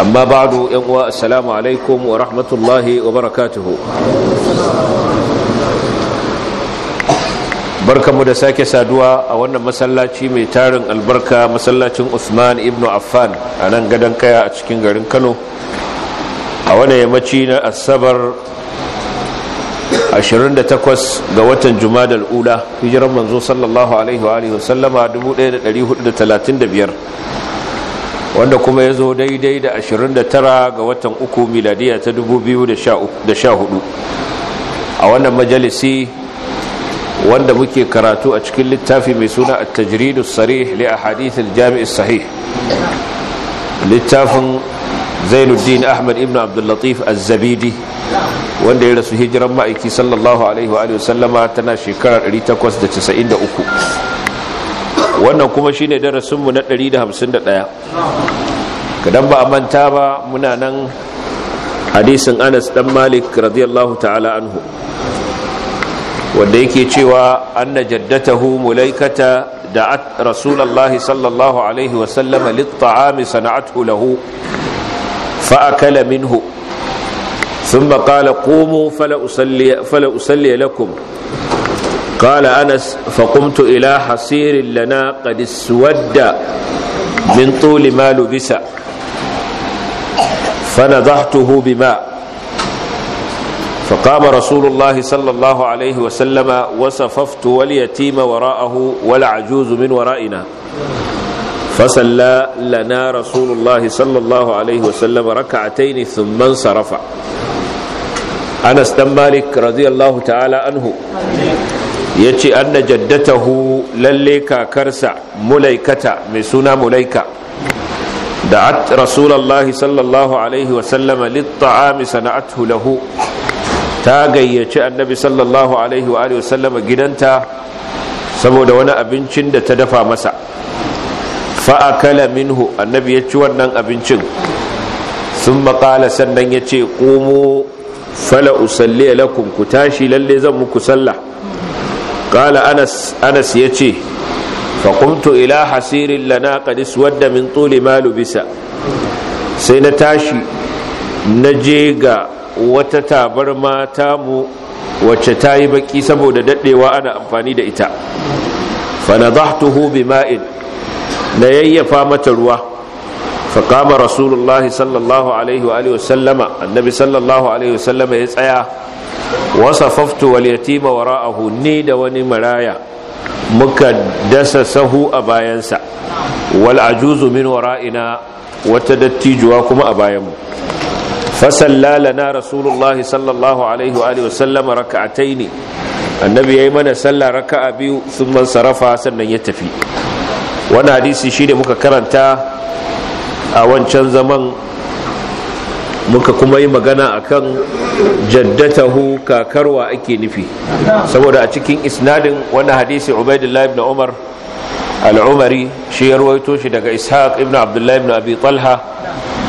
amma ba'du yan uwa assalamu alaikum wa rahmatullahi wa barakatuhu barkamu da sake saduwa a wannan masallaci mai tarin albarka masallacin Usman ibn Affan a nan gadon kaya a cikin garin Kano a wani yammaci na asabar 28 ga watan juma'a al-Ula hijiran manzo sallallahu alaihi wa alihi wa sallama 1435 wanda kuma ya zo daidai da 29 ga watan uku miladiya ta 2014 a wannan majalisi wanda muke karatu a cikin littafi mai suna a tajiridu sarih li a hadithin sahih littafin zainuddin ahmad ibn abdullatif az-zabidi wanda ya rasu hijiran ma'aiki sallallahu alaihi wa sallama tana shekarar 893 wannan kuma shine darasinmu na 151 kadan ba a manta ba muna nan hadisin Anas dan Malik radiyallahu ta'ala anhu wanda yake cewa anna jaddatahu mulaikata da'at rasulullahi sallallahu alaihi wa sallam lit-ta'ami sana'athu lahu fa akala minhu thumma qala qumu fala usalli fala usalli lakum قال أنس فقمت إلى حصير لنا قد اسود من طول ما لبس فنضحته بماء فقام رسول الله صلى الله عليه وسلم وصففت واليتيم وراءه والعجوز من ورائنا فصلى لنا رسول الله صلى الله عليه وسلم ركعتين ثم انصرف أنس بن مالك رضي الله تعالى عنه ya ce an na jaddatahu lalle kakarsa mulaikata mai suna mulaika da rasulallahi sallallahu alaihi wasallama litta'ami sana'atu lahu ta gayyaci annabi sallallahu alaihi wa sallama gidanta saboda wani abincin da ta dafa masa fa'akala minhu annabi ya ci wannan abincin sun maƙala sannan ya ce ƙomo fala usalli lakum ku tashi lalle zan muku sallah qala anas anas yace fa qumtu ila hasirin lana qad iswadda min tuli ma lubisa sai na tashi na je ga wata tabarma mu wacce ta yi baki saboda daɗewa ana amfani da ita fanadahtuhu bima'in na yayyafa mata ruwa faƙama rasulullahi sallallahu alaihi wa alihi annabi sallallahu alaihi wasallama ya tsaya wasafaftu wal yatima wara'ahu ni da wani maraya muka dasa sahu a bayansa wal ajuzu min wara'ina wata dattijuwa kuma a bayanmu fasalla lana rasulullah sallallahu alaihi wa alihi wasallam raka'ataini annabi yayi mana sallah raka'a biyu sun sarafa sannan ya tafi wannan hadisi shine muka karanta a wancan zaman muka kuma yi magana akan jaddatahu kakarwa ake nufi saboda a cikin isnadin wani hadisi ubaidullah ibn umar al'umari shi ya ruwaito shi daga ishaq ibn abdullah ibn abi talha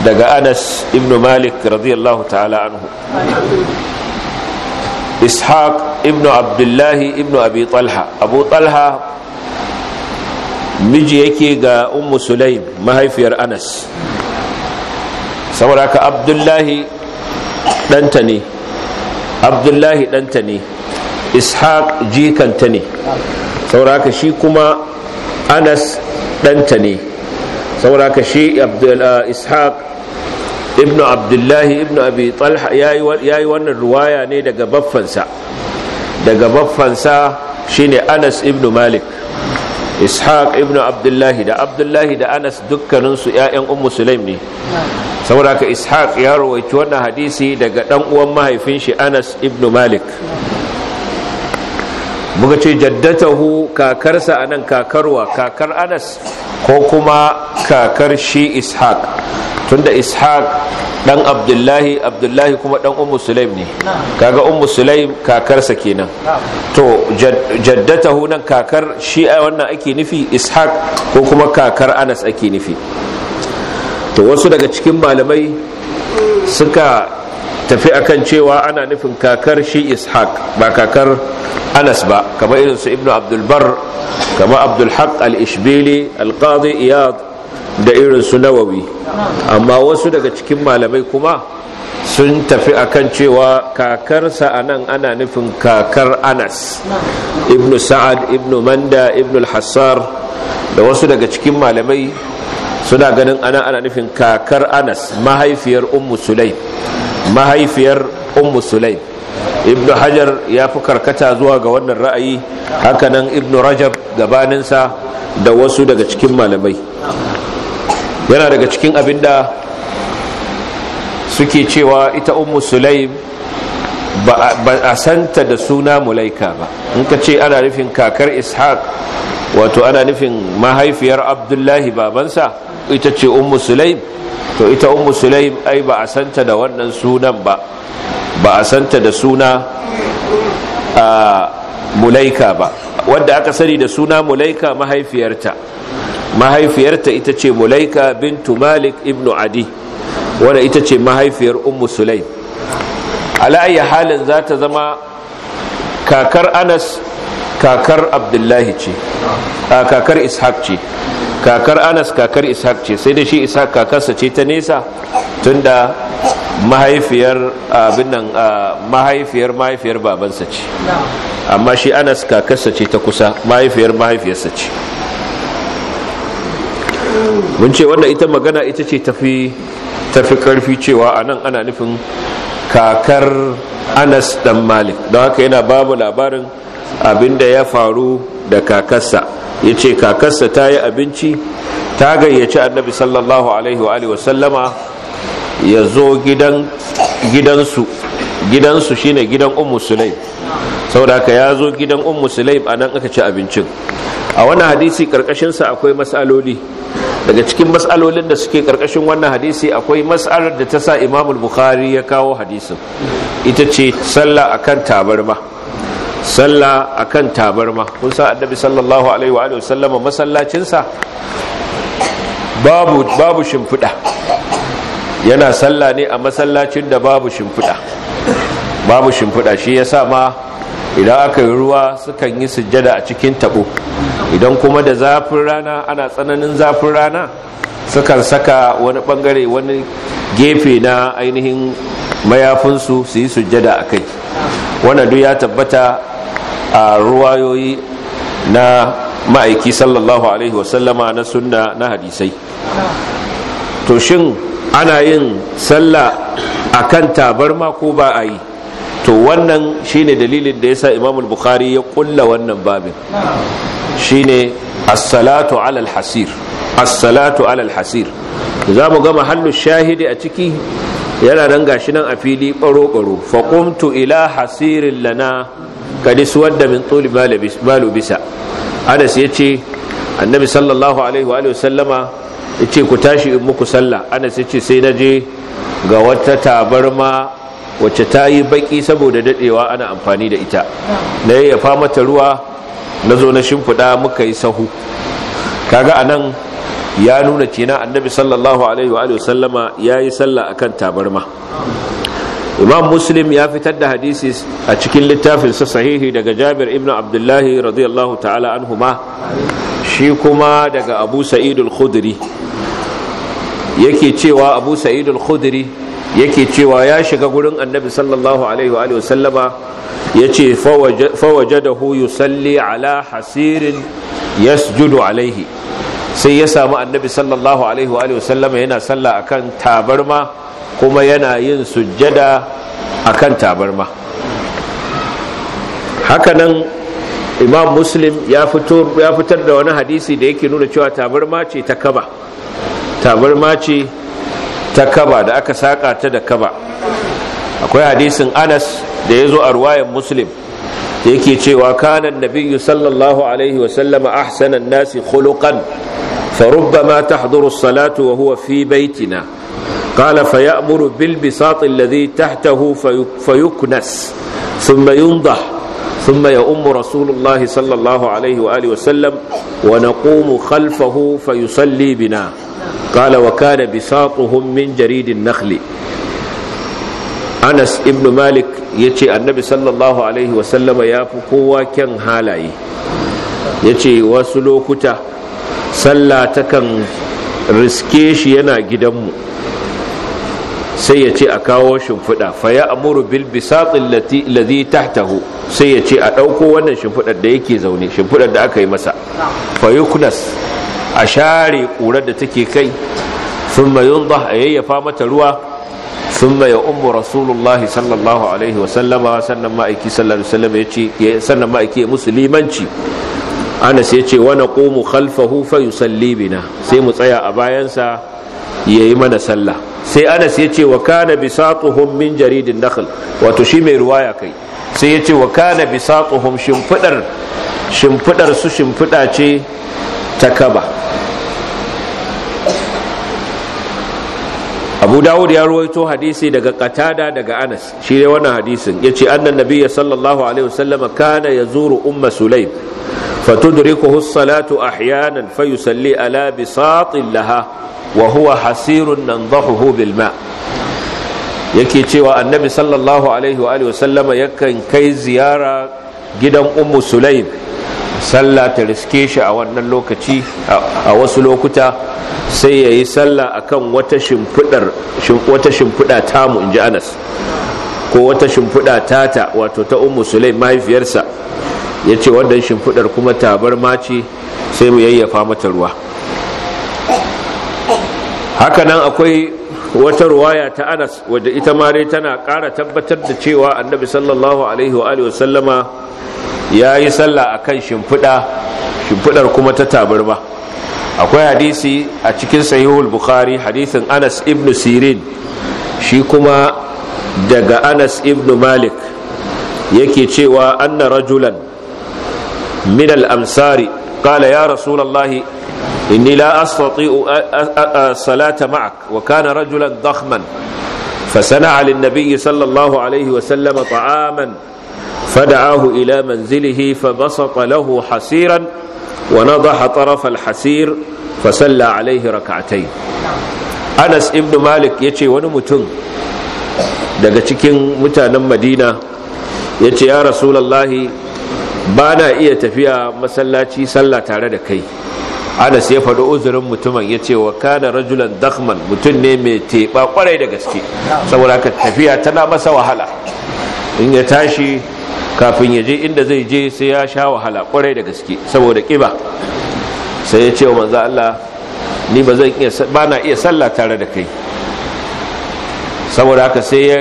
daga anas ibn malik radiyallahu ta'ala anhu ishaq ibn abdullahi ibn abi talha abu talha miji yake ga ummu sulaim mahaifiyar anas saboda haka abdullahi ɗanta ne abdullahi ɗanta ne ishaq jikanta ne saboda haka shi kuma anas ɗanta ne saboda haka shi uh, ishaq ibn abdullahi ibn abi talha ya yi wannan ruwaya ne daga baffansa daga baffansa shine anas ibn malik ishaq ibn abdullahi da abdullahi da anas dukkaninsu 'ya'yan ummu sulaim ne saboda ka ishaq ya rawaici wannan hadisi daga ɗan uwan mahaifin shi anas ibn malik muka ce jaddatahu kakarsa a nan kakarwa kakar anas ko kuma kakar shi ishaq tunda ishaq dan abdullahi abdullahi kuma dan ummu sulaim ne kaga ummu sulaim kakarsa kenan to jaddatahu nan kakar shi wannan ake nufi ishaq ko kuma kakar anas ake nufi to wasu daga cikin malamai suka tafi akan cewa ana nufin kakar shi ishaq ba kakar anas ba kamar irin su ibnu abdulbar kamar haq al-ishbili al-qadi iyad da irin su nawawi amma wasu daga cikin malamai kuma sun tafi akan cewa kakarsa a nan ana nufin kakar anas ibnu sa'ad ibnu manda ibnu hassar da wasu daga cikin malamai suna ganin ana ana nufin kakar anas mahaifiyar ummu sulaim mahaifiyar ummu sulaim ibnu hajar ya fi karkata zuwa ga wannan ra'ayi hakanan ibnu rajab gabaninsa da wasu daga cikin malamai yana daga cikin abin da suke cewa ita ummu sulaim ba a santa da suna mulaika ba in ka ce ana rufin kakar ishaq wato ana nufin mahaifiyar abdullahi babansa ita ce ummu sulaim to ita ummu sulaim ai ba a santa da wannan sunan ba ba a santa da suna a mulaika ba wanda aka sani da suna mulaika mahaifiyarta mahaifiyarta ita ce mulaika bintu malik ibnu adi wadda ita ce mahaifiyar ummu sulaim ala'ayi halin za ta zama kakar anas kakar abdullahi ce kakar ishaq ce kakar anas kakar ishaq ce sai da shi ishaq kakarsa ce ta nesa tunda mahaifiyar abin nan mahaifiyar mahaifiyar babansa ce amma shi anas kakarsa ce ta kusa mahaifiyar mahaifiyarsa ce mun ce wannan ita magana ita ce tafi tafi karfi cewa a nan ana nufin kakar anas dan malik don haka yana babu labarin abinda ya faru da kakarsa ya ce kakarsa ta yi abinci ta gayyaci annabi sallallahu alaihi wa wasallama ya zo gidansu gidansu shine gidan umu sulaim saboda haka ya zo gidan umu sulaim a nan aka ci abincin a wannan hadisi karkashinsa akwai matsaloli daga cikin matsalolin da suke karkashin wannan hadisi akwai matsalar da ta sa imamul bukhari ya kawo hadisin ita ce sallah kan tabarma sallah akan tabarma kun san annabi sallallahu alaihi wa sallama masallacinsa babu babu shimfiɗa yana sallah ne a masallacin da babu shimfiɗa babu shimfiɗa shi sa ma idan aka yi ruwa sukan yi sujjada a cikin taɓo, idan kuma da zafin rana ana tsananin zafin rana sukan saka wani bangare wani gefe na ainihin mayafinsu su yi sujjada a kai wannan duk ya tabbata a ruwayoyi na ma'aiki sallallahu alaihi wasallama na sunna na hadisai to shin ana yin sallah a kan tabarma ko ba a yi to wannan shine dalilin da yasa imam bukhari ya kulla wannan babin shine as-salatu alal hasir as-salatu alal hasir za mu gama hannu shahidi a ciki yana nan gashi nan a fili baro baro fa ila hasirin lana ka da min tsoli malu bisa anas ya ce annabi sallallahu alaihi wa sallama ya ce ku tashi in muku sallah anas ya ce sai na je ga wata tabarma wacce ta yi baki saboda dadewa ana amfani da ita na yayyafa mata ruwa na zo na shimfiɗa muka yi sahu kaga anan ya nuna kenan annabi sallallahu alaihi wa sallama ya yi sallah akan tabarma imam muslim ya fitar da hadisi a cikin littafinsa sahihi daga jabir ibn abdullahi radiyallahu ta'ala anhuma shi kuma daga abu sa'idul khudri yake cewa abu sa'idul khudri yake cewa ya shiga gurin annabi sallallahu alaihi wa sallama ya ce fawajadahu yusalli ala hasirin yasjudu alaihi sai ya samu annabi sallallahu alaihi wa sallama yana sallah akan tabarma kuma yana yin sujjada a kan tabarma hakanan imam muslim ya fitar da wani hadisi da yake nuna cewa tabarma ce ta kaba tabarma ce ta kaba da aka saƙa ta da kaba akwai hadisin anas da ya zo a ruwayan muslim da yake cewa kanan nabiyyu sallallahu alaihi wasallama ahsanan nasi khuluqan فربما salatu wa huwa fi baitina. قال فيأمر بالبساط الذي تحته فيكنس ثم ينضح ثم يؤم رسول الله صلى الله عليه وآله وسلم ونقوم خلفه فيصلي بنا قال وكان بساطهم من جريد النخل أنس ابن مالك يتي النبي صلى الله عليه وسلم يافقوا كان هالاي يتي وسلوكته صلى تكن riske shi yana gidanmu sai ya ce a kawo shimfiɗa fa ya amuru bil bisatin ladhi tahtahu sai ya ce a ɗauko wannan shimfiɗar da yake zaune shimfiɗar da aka yi masa fa a share ƙurar da take kai thumma yundah a yayyafa mata ruwa thumma ya ummu rasulullahi sallallahu alaihi wa sallama sannan ma'aiki sallallahu alaihi ya ce sannan ma'aiki ya musulmanci anas ya ce wa naqumu khalfahu fa yusalli sai mu tsaya a bayansa yayi mana sallah sai anas ya ce wa kana bisatuhum min jaridin nakhl wato shi mai ruwaya kai sai ya ce wa kana bisatuhum shimfidar shimfidar su shimfida ce ta kaba abu dawud ya ruwaito hadisi daga katada daga anas shi ne wannan hadisin ya ce annan nabiya sallallahu alaihi wasallama kana ya zuru umma sulaim fatudrikuhu salatu ahyanan fayusalli ala bisatin laha wa huwa hasirun nan bil ma yake cewa annabi sallallahu alaihi wa sallama yakan kai ziyara gidan ummu sulaim sallah ta riske shi a wannan lokaci a wasu lokuta sai ya yi sallah a kan wata shimfiɗa tamu in ji anas ko wata shimfiɗa tata wato ta ummu sulaim mahaifiyarsa ya ce wannan shimfiɗar kuma tabar mace sai mu yayyafa mata ruwa hakanan akwai wata ruwaya ta anas wadda ita mare tana ƙara tabbatar da cewa annabi sallallahu alaihi wa alihi wasallama ya yi sallah a kan shimfiɗa shimfiɗar kuma ta tabarma akwai hadisi a cikin sahihul bukhari hadisin anas ibn sirin shi kuma daga anas ibn malik yake cewa anna rajulan min al-amsari qala ya rasulallahi inni la astati'u salata ma'ak wa kana rajulan dakhman فصنع للنبي صلى الله عليه وسلم طعاما فدعاه الى منزله فبسط له حسيرا ونضح طرف الحسير فصلى عليه ركعتين انس ابن مالك يجي wani mutum daga cikin mutanen madina ya ce ya rasulallahi ba na iya tafiya masallaci sallah tare da kai anas ya faɗi uzurin mutumin ya ce wa kana rajulan dakhman mutum ne mai teɓa kwarai da gaske saboda haka tafiya tana masa wahala in ya tashi kafin ya je inda zai je sai ya sha wahala kwarai da gaske saboda ƙiba sai ya ce wa manzo Allah ni ba zan iya ba na iya sallah tare da kai saboda haka sai ya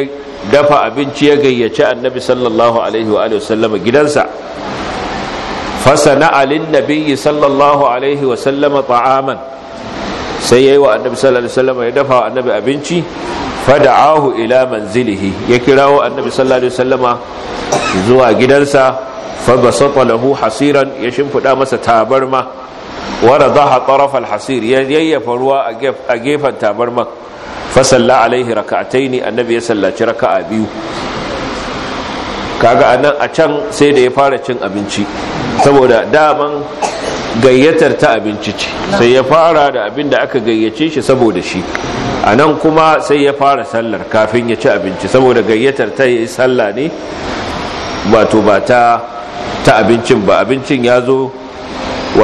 dafa abinci ya gayyaci annabi sallallahu alaihi wa sallama gidansa فصنع للنبي صلى الله عليه وسلم طعاما sai ya wa annabi sallallahu alaihi ya dafa wa annabi abinci fada'ahu ila manzilihi ya kirawo annabi sallallahu alaihi zuwa gidansa fa basata lahu hasiran ya shimfiɗa masa tabarma wa radaha taraf al hasir ya yayyafa ruwa a gefen tabarma fa sallallahu alaihi raka'ataini annabi ya sallaci raka'a biyu kaga a nan a can sai da ya fara cin abinci saboda daman gayyatar ta abinci ce sai ya fara da abin da aka gayyace shi saboda shi a nan kuma sai ya fara sallar kafin ya ci abinci saboda gayyatar ta yi salla ne wato ba ta ta abincin ba abincin ya zo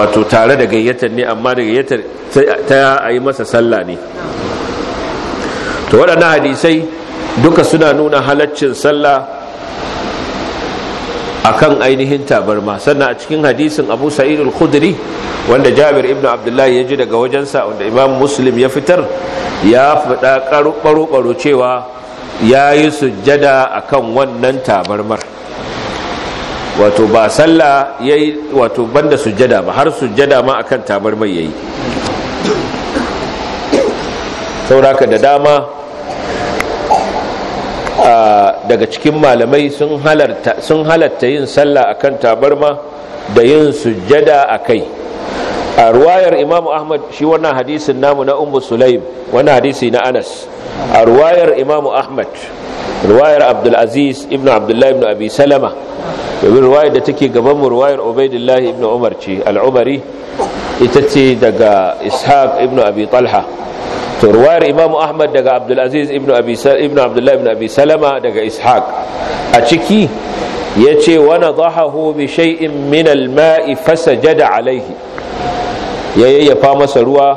wato tare da gayyatar ne amma da gayyatar ta a yi masa salla ne to waɗannan hadisai duka suna nuna halaccin sallah akan ainihin tabarma sannan a cikin hadisin abu sa'id al-khudri wanda jabir ibn abdullahi ya ji daga wajensa wanda imam muslim ya fitar ya faɗa baro-baro cewa ya yi sujjada akan wannan tabarmar wato ba sallah yayi wato banda sujjada ba har sujjada ma akan tabarmar yayi yi sauraka da dama daga cikin malamai sun halarta halatta yin sallah akan tabarma da yin sujjada kai. a ruwayar Imam Ahmad shi wannan hadisin namu na Ummu Sulaim wannan hadisi na Anas a ruwayar Imam Ahmad ruwayar Abdul Aziz ibn Abdullahi ibn Abi Salama domin ruwayar da take gaban mu ruwayar Ubaidillah ibn Umar ce al-Umari ita ce daga Ishaq ibn Abi Talha to ruwayar imam ahmad daga abdulaziz ibn abdullahi ibn abi salama daga ishaq a ciki ya ce wani zahahu bi shay'in min alma'i fasajada alaihi ya yayyafa masa ruwa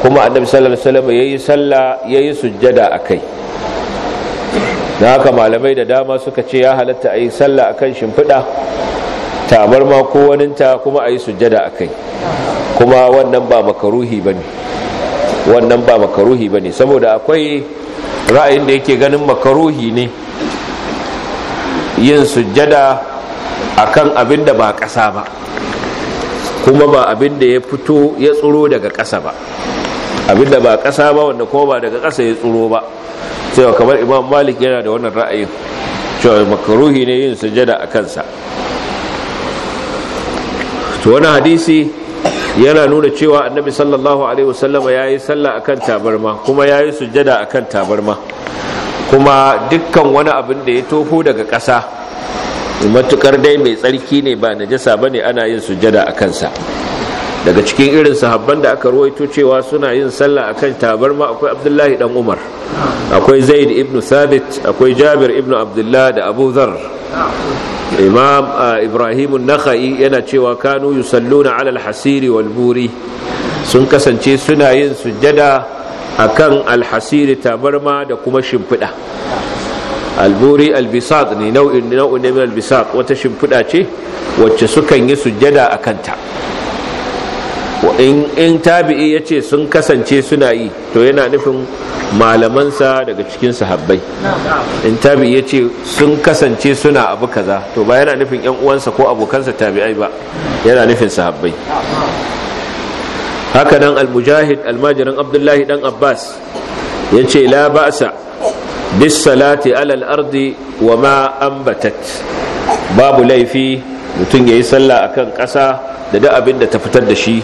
kuma annabi sallallahu alaihi wasallam yayi salla yayi sujjada akai da haka malamai da dama suka ce ya halatta ayi yi sallah akan shimfiɗa tabarma ko waninta kuma a yi sujjada akai kuma wannan ba makaruhi bane wannan ba makaruhi ba ne saboda akwai ra'ayin da yake ganin makaruhi ne yin sujjada akan abin da ba ƙasa ba kuma ba abin da ya fito ya tsoro daga ƙasa ba abin da ba ƙasa ba wanda kuma ba daga ƙasa ya tsoro ba cewa kamar imam malik yana da wannan ra'ayin cewa makaruhi ne yin sujjada a kansa wani hadisi yana nuna cewa annabi sallallahu alaihi wasallama ya yi sallah akan tabarma kuma ya yi sujjada akan tabarma kuma dukkan wani abin da ya toho daga ƙasa matukar dai mai tsarki ne ba najasa ne ana yin sujjada a kansa daga cikin irin sahabban da aka ruwaito cewa suna yin sallah akan tabarma akwai abdullahi dan umar akwai zaid ibn Sabit, akwai jabir ibn abdullah da abu zar imam ah, ibrahim an-nakhai yana cewa kanu yusalluna ala al walburi, buri sun kasance suna yin sujada akan al tabarma da kuma shimfida alburi albisat ne nau'in nau'in ne wata shimfida ce wacce sukan yi sujjada akanta in tabi'i ya ce sun kasance suna yi to yana nufin malamansa daga cikin sahabbai in tabi'i ya ce sun kasance suna abu kaza to ba yana nufin yan uwansa ko abokansa tabi'ai ba yana nufin sahabbai Hakanan nan al-mujahid almajirin abdullahi dan abbas ya ce la sa bis salati alal ardi wa ma ambatat babu laifi mutum ya yi sallah akan ƙasa da duk abin da ta fitar da shi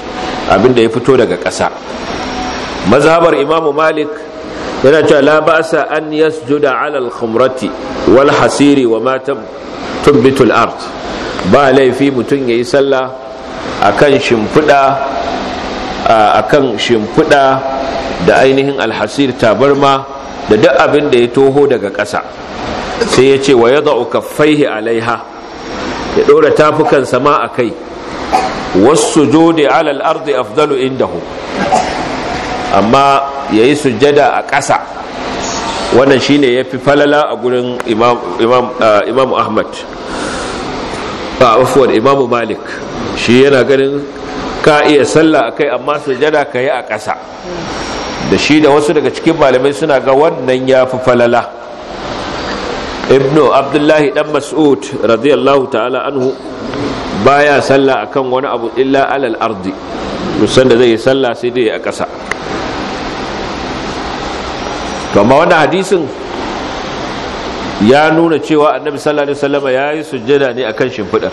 abin da ya fito daga ƙasa mazhabar imamu malik yana cewa la ba'sa an yasjuda 'ala al-khumrati wal hasiri wa ma tun al-ard ba laifi mutun yayi sallah akan shimfida akan shimfida da ainihin al-hasir tabarma da duk abin da ya toho daga ƙasa sai ya ce wa yada'u kaffaihi alaiha ya dora tafukan sama akai wasu jode alal ardi afdalu indahu amma ya yi sujjada a ƙasa wannan shine ya fi falala a gurin imamu uh, ahmad ba uh, afuwar imamu malik shi yana ganin ka iya sallah akai amma sujjada ka yi a ƙasa da shi da wasu daga cikin malamai suna ga wannan ya fi falala ibnu abdullahi dan mas'ud radiyallahu ta'ala anhu baya sallah akan wani abu illa alal ardi musan da zai yi sallah sai dai a ƙasa to amma wannan hadisin ya nuna cewa annabi sallallahu alaihi wasallam ya yi sujjada ne akan shimfidar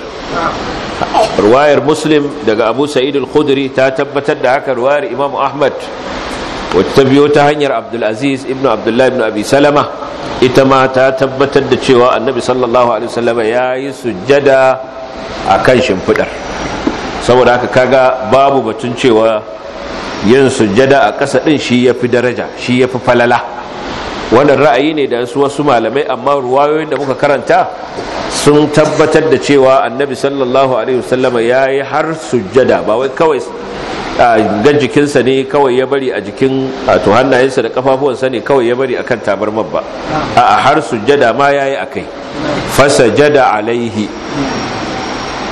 ruwayar muslim daga abu sa'id al-khudri ta tabbatar da haka ruwayar Imam ahmad wata biyo ta hanyar Abdulaziz ibn Abdullahi ibn abi salama ita ma ta tabbatar da cewa annabi sallallahu alaihi wasallam ya yi sujjada a kan shimfidar saboda haka kaga babu batun cewa yin sujjada a ƙasa ɗin shi ya fi daraja shi ya fi falala wannan ra'ayi ne da wasu malamai amma ruwayoyin da muka karanta sun tabbatar da cewa annabi sallallahu alaihi wasallama ya yi har sujjada ba wai kawai gan jikinsa ne kawai ya bari a jikin to hannayensa da kafafuwansa ne kawai ya bari akan tabarmar ba a har sujjada ma ya yi yayi akai jada alaihi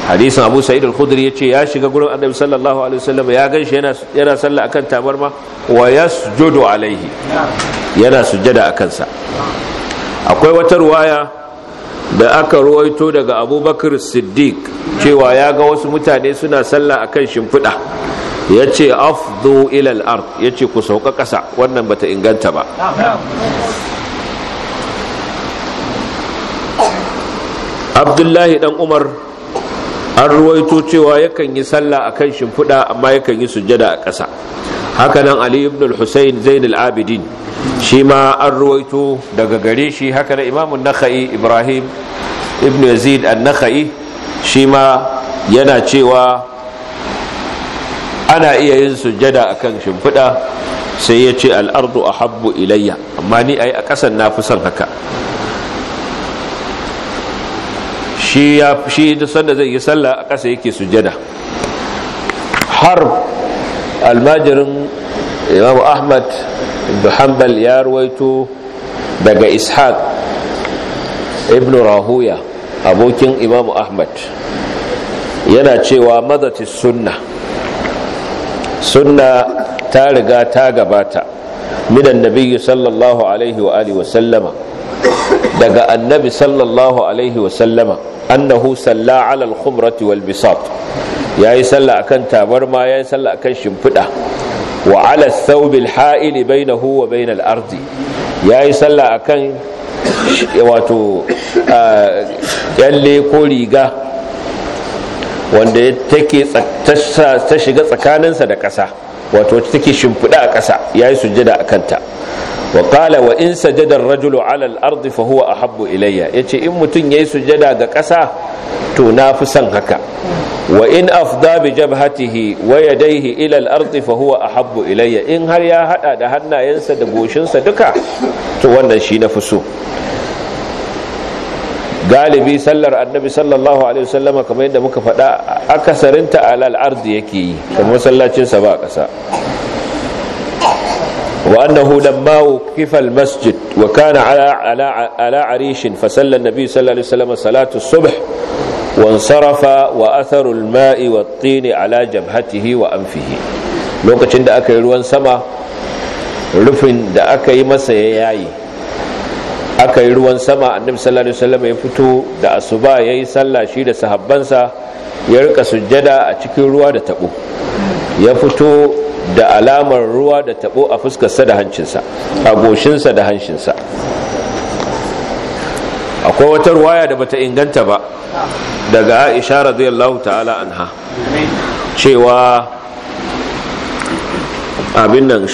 hadisin abu sa'id al-khudri yace ya shiga gurin annabi sallallahu alaihi wasallam ya ganshi yana yana sallah akan tabarma wa yasjudu alaihi yana sujjada akan sa akwai wata ruwaya da aka ruwaito daga abubakar siddiq cewa ya ga wasu mutane suna sallah akan shimfiɗa ya ce afdu ilal ard ya ce ku sauka ƙasa wannan bata inganta ba abdullahi dan umar an ruwaito cewa yakan yi sallah akan shimfiɗa amma yakan yi sujjada a ƙasa hakanan ali ibn al-husayn zain al-abidin shi ma an ruwaito daga gare shi hakanan imamun nakhai ibrahim ibn yazid an-nakhai shi ma yana cewa ana iya yin sujjada akan shimfiɗa sai ya ce al'ardu a habbu ilayya amma ni a yi a ƙasan na fi son haka shi ya shi da sanda zai yi sallah a ƙasa yake sujjada har almajirin imamu ahmad ibn hanbal ya ruwaito daga ishaq ibn rahuya abokin imamu ahmad yana cewa mazatis sunna sunna ta riga ta gabata minan nabiyyu sallallahu alaihi wa alihi wa sallama daga annabi sallallahu alaihi wasallama annahu salla ala al-khumrati wal bisat yayi salla akan tabarma yayi salla akan shimfida wa ala thawb al-ha'il bainahu wa bain al-ard yayi salla akan wato yalle ko riga wanda take ta shiga tsakaninsa da ƙasa wato take shimfida a ƙasa yayi sujjada akan ta wa qala wa in sajada ar-rajulu alal al-ard fa huwa ahabbu ilayya yace in mutun yayi sujada ga ƙasa to na fi son haka wa in afda bi jabhatihi wa yadayhi ila al-ard fa huwa ahabbu ilayya in har ya haɗa da hannayensa da goshinsa duka to wannan shi na fi so galibi sallar annabi sallallahu alaihi wasallama kamar yadda muka faɗa akasarinta alal ardi yake yi kamar masallacinsa ba ƙasa وأنه لما وقف المسجد وكان على على على عريش فسل النبي صلى الله عليه وسلم صلاة الصبح وانصرف وأثر الماء والطين على جبهته وأنفه لوكتشن دا أكل ruwan sama rufin da aka yi masa ya yayi aka yi ruwan sama annabi sallallahu alaihi ya fito da asuba yayi sallah shi da sahabbansa ya rika sujjada a cikin ruwa da tabo ya fito da alamar ruwa da tabo a fuskarsa da hancinsa a goshinsa da hancinsa akwai wata ruwaya da bata inganta ba daga aisha radiyallahu ta'ala anha cewa abin nan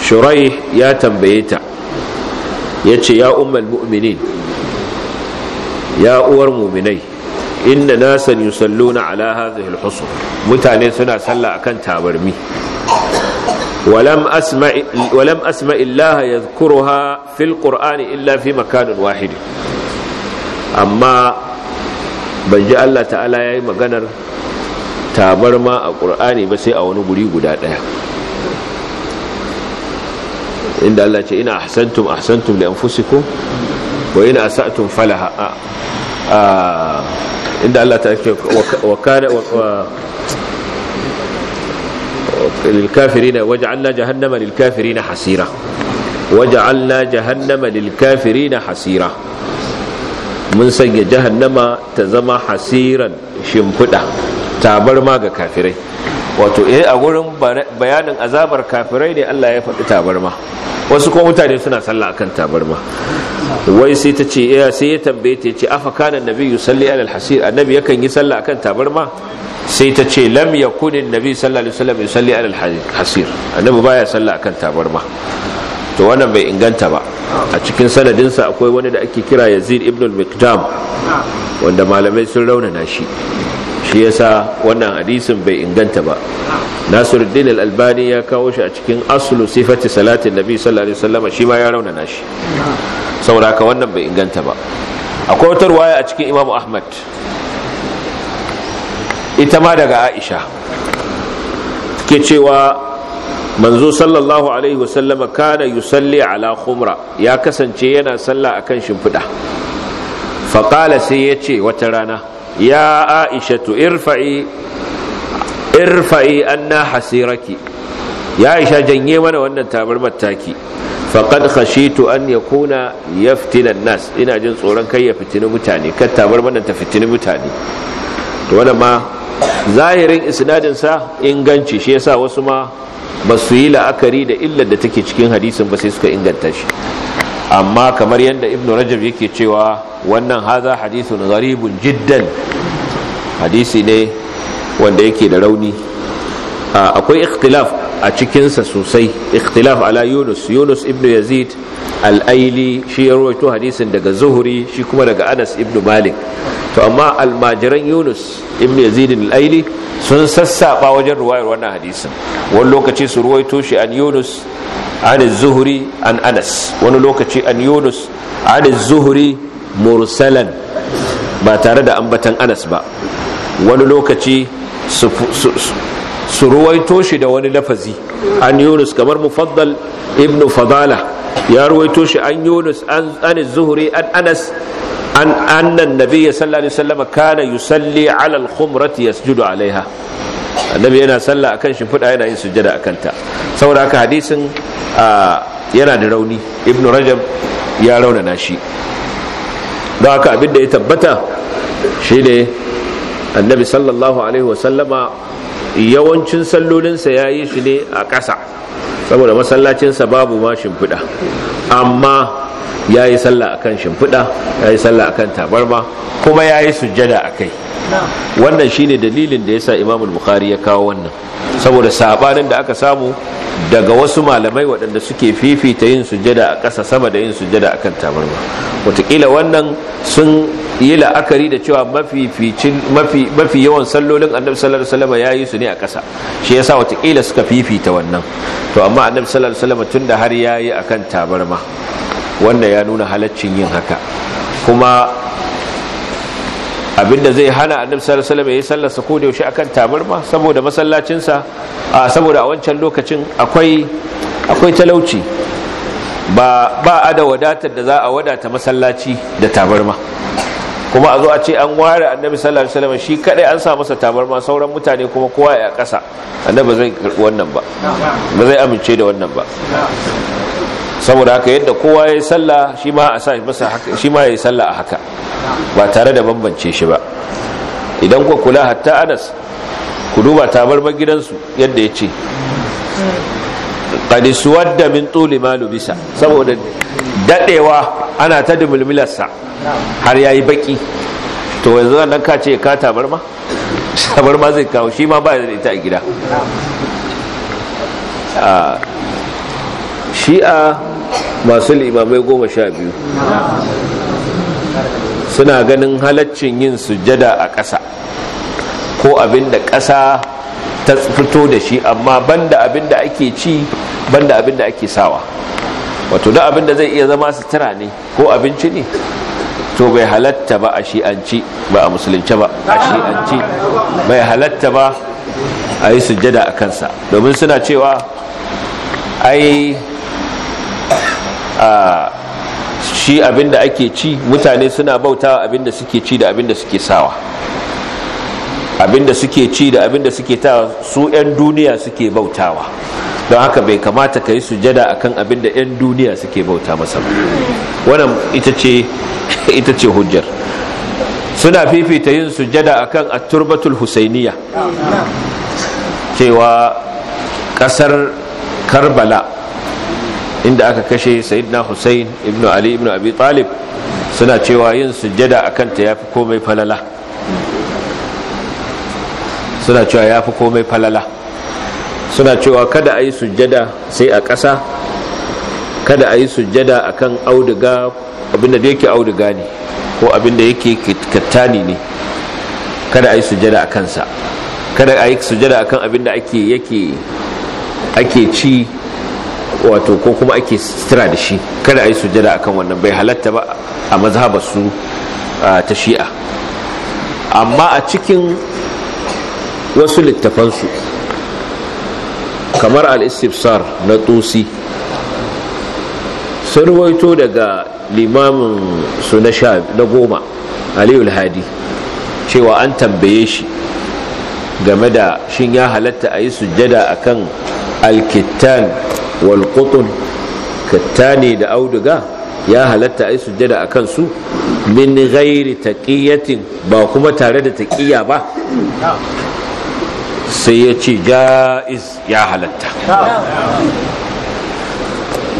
Shurai ya tambaye ta ya ce ya umar mu'minin ya uwar muminai inna nasan yusalluna ala hadhihi alhusn mutane suna sallah akan tabarmi ولم أسمع ولم أسمع الله يذكرها في القرآن إلا في مكان واحد أما بنجي الله تعالى يا مغنر تابرما القرآن بس أو نبري قدادا إن الله إن أحسنتم أحسنتم لأنفسكم وإن أسأتم فلها inda Allah ta ce wa kana للكافرين وجعلنا جهنم للكافرين حسيرة وجعلنا جهنم للكافرين حسيرة من سنج جهنم تزما حسيرا شمفدا تابر ماغا كافرين wato eh a gurin bayanin azabar kafirai ne Allah ya faɗi tabarma wasu kuma mutane suna sallah akan tabarma wai sai ta ce eh sai ya tambaye ta ce afa kana nabi yusalli ala alhasir annabi yakan yi sallah akan tabarma sai ta ce lam yakun annabi sallallahu alaihi wasallam yusalli ala alhasir annabi baya sallah akan tabarma to wannan bai inganta ba a cikin sanadinsa akwai wani da ake kira yazid ibn al-miqdam wanda malamai sun raunana shi shi yasa wannan hadisin bai inganta ba nasiruddin al-albani ya kawo shi a cikin aslu sifati salatin nabi sallallahu alaihi wasallam shi ma ya raunana shi saboda haka wannan bai inganta ba akwai wata ruwaya a cikin imamu ahmad ita ma daga aisha ke cewa manzo sallallahu alaihi wasallama kana yusalli ala khumra ya kasance yana sallah akan shimfiɗa faƙala sai ya ce wata rana ya aishatu irfa'i irfa'i anna hasiraki ya aisha janye mana wannan tabarmar taki faqad khashitu an yakuna yaftina nas ina jin tsoron kai ya fitini mutane kar tabarmar nan ta fitini mutane to wannan ma zahirin isnadin sa inganci shi yasa wasu ma basu yi la'akari da illar da take cikin hadisin ba sai suka inganta shi amma kamar yadda ibn rajab yake cewa wannan haza hadithun gharibun jiddan hadisi ne wanda yake da rauni ah, akwai ikhtilaf a cikinsa sosai ikhtilaf ala yunus yunus ibnu yazid al-aili shi ya rawaito hadisin daga zuhuri shi kuma daga anas ibnu malik to amma almajiran yunus ibnu yazid al-aili sun sassaba wajen ruwayar wannan hadisin wani lokaci su ruwaito shi an yunus an zuhuri an anas wani lokaci an yunus an zuhuri mursalan ba tare da ambatan anas ba wani lokaci su su ruwaito shi da wani lafazi an yunus kamar mufaddal ibnu fadala ya ruwaito shi an yunus an anis zuhuri an anas an annan nabiyya sallallahu alaihi wasallam kana yusalli ala al-khumrati yasjudu alaiha annabi yana sallah akan shimfiɗa yana yin sujjada akan ta saboda haka hadisin yana da rauni ibnu rajab ya raunana shi don haka abin da ya tabbata shine annabi sallallahu alaihi wasallama yawancin sallolinsa ya yi shi ne a ƙasa saboda masallacinsa babu ma shimfiɗa amma ya yi sallah akan shimfiɗa ya yi sallah akan tabarma kuma ya yi sujjada a kai wannan shine dalilin da sa imam bukhari ya kawo wannan saboda sabanin da aka samu daga wasu malamai waɗanda suke fifita yin sujjada a ƙasa sama da yin sujjada kan tabarma wataƙila wannan sun yi la'akari da cewa mafi yawan sallolin annabi sallallahu alaihi wasallam ya yi su ne a ƙasa shi yasa wataƙila suka fifita wannan to amma annabi sallallahu alaihi wasallam tunda har ya yi akan tabarma wannan ya nuna halaccin yin haka kuma abinda zai hana annabi sallallahu alaihi wasallam ya sallarsa ko da yaushe akan tabarma saboda masallacinsa saboda a wancan lokacin akwai akwai talauci ba ba a da wadatar da za a wadata masallaci da tabarma kuma a zo a ce an ware annabi sallallahu alaihi wasallam shi kadai an sa masa tabarma sauran mutane kuma kowa ya kasa annabi zai karbi wannan ba ba zai amince da wannan ba saboda haka yadda kowa ya yi sallah shi ma a ya yi sallah a haka ba tare da bambance shi ba idan ku kula hatta anas ku duba tabarbar gidansu yadda ya ce ƙadisuwar da min tuli ma lubisa saboda dadewa ana ta dumulmularsa har ya yi baƙi. to yanzu nan ka ce ka tabarma tabarma zai kawo shi ma ba da ita a gida shi'a masu limamai goma sha biyu suna ganin halaccin yin sujjada a ƙasa ko abin da ƙasa ta fito da shi amma banda abin da ake ci banda abin da ake sawa wato da abin da zai iya zama sutura ne ko abinci ne to bai halatta ba a shi'anci ba a musulunci ba a shi'anci bai halatta ba a yi sujjada a kansa domin suna cewa ai shi abin da ake ci mutane suna bautawa abin da suke ci da abin da suke sawa abin da suke ci da abin da suke tawa su 'yan duniya suke bautawa don haka bai kamata ka yi sujada a kan abin da 'yan duniya suke bauta masa wannan ita ce hujjar suna fifita yin sujada a kan turbatul husainiya cewa kasar karbala inda aka kashe sayyidina Hussein ibn Ali ibn Abi Talib suna cewa yin sujjada akan ta yafi komai falala suna cewa yafi komai falala suna cewa kada a yi sujjada sai a ƙasa kada a yi sujjada akan auduga abinda da yake auduga ne ko abinda yake kattani ne kada a yi sujjada a kansa kada a yi sujjada akan abinda ake yake ake ci wato ko kuma ake sutura da shi kada a yi sujada akan wannan bai halatta ba a mazhabar su ta shi'a amma a cikin wasu littafansu kamar al-istifsar na tusi sun ruwaito daga limamin su na goma aliyu hadi cewa an tambaye shi game da shin ya halatta a yi sujjada akan alkittan alkitan qutun kattani da auduga ya halatta a yi sujjada akan su min ghairi taqiyatin ba kuma tare da taƙiya ba sai ya ce ja'iz ya halatta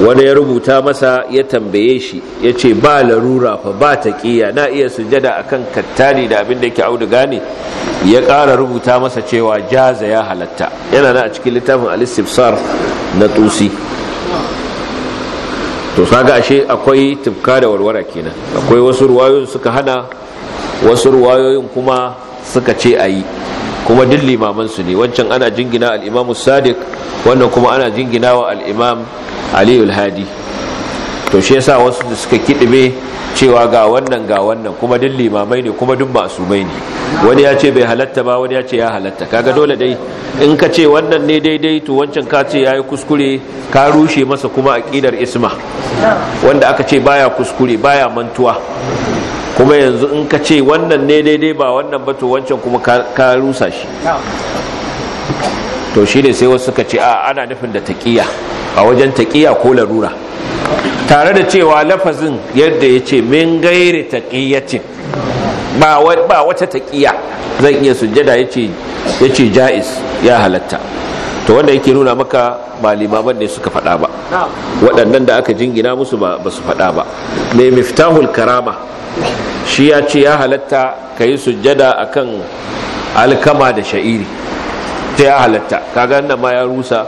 wani ya rubuta masa ya tambaye shi ya ce ba larura fa ba ta kiya na iya sujada a kan kattani da abin da yake auduga ne ya kara rubuta masa cewa jaza ya halatta yana na a cikin littafin alisifsar na tusi to saga ashe akwai tufka da warwara kenan akwai wasu ruwayoyin suka hana wasu ruwayoyin kuma suka ce a yi kuma duk limaman su ne wancan ana jingina al-imam sadiq wannan kuma ana jingina wa al-imam ali al-hadi to shi yasa wasu da suka kidibe cewa ga wannan ga wannan kuma duk limamai ne kuma duk masumai ne wani ya ce bai halatta ba wani ya ce ya halatta kaga dole dai in ka ce wannan ne daidai to wancan ka ce yayi kuskure ka rushe masa kuma aqidar isma wanda aka ce baya kuskure baya mantuwa kuma yanzu in ka ce wannan ne daidai ba wannan ba to wancan kuma ka rusa shi to shi ne sai wasu suka ce a ana nufin da taƙiya a wajen taƙiya ko larura tare da cewa lafazin yadda ya ce min gairi taƙiyacin ba wata taƙiya zan iya sujjada ya ce ja'iz ya halatta to wanda yake nuna maka ba limaman ne suka faɗa ba waɗannan da aka jingina musu ba su faɗa ba mai miftahul karama shi ya ce ya halatta ka yi sujjada a kan alkama da sha'iri ta ya halatta kaga nan ma ya rusa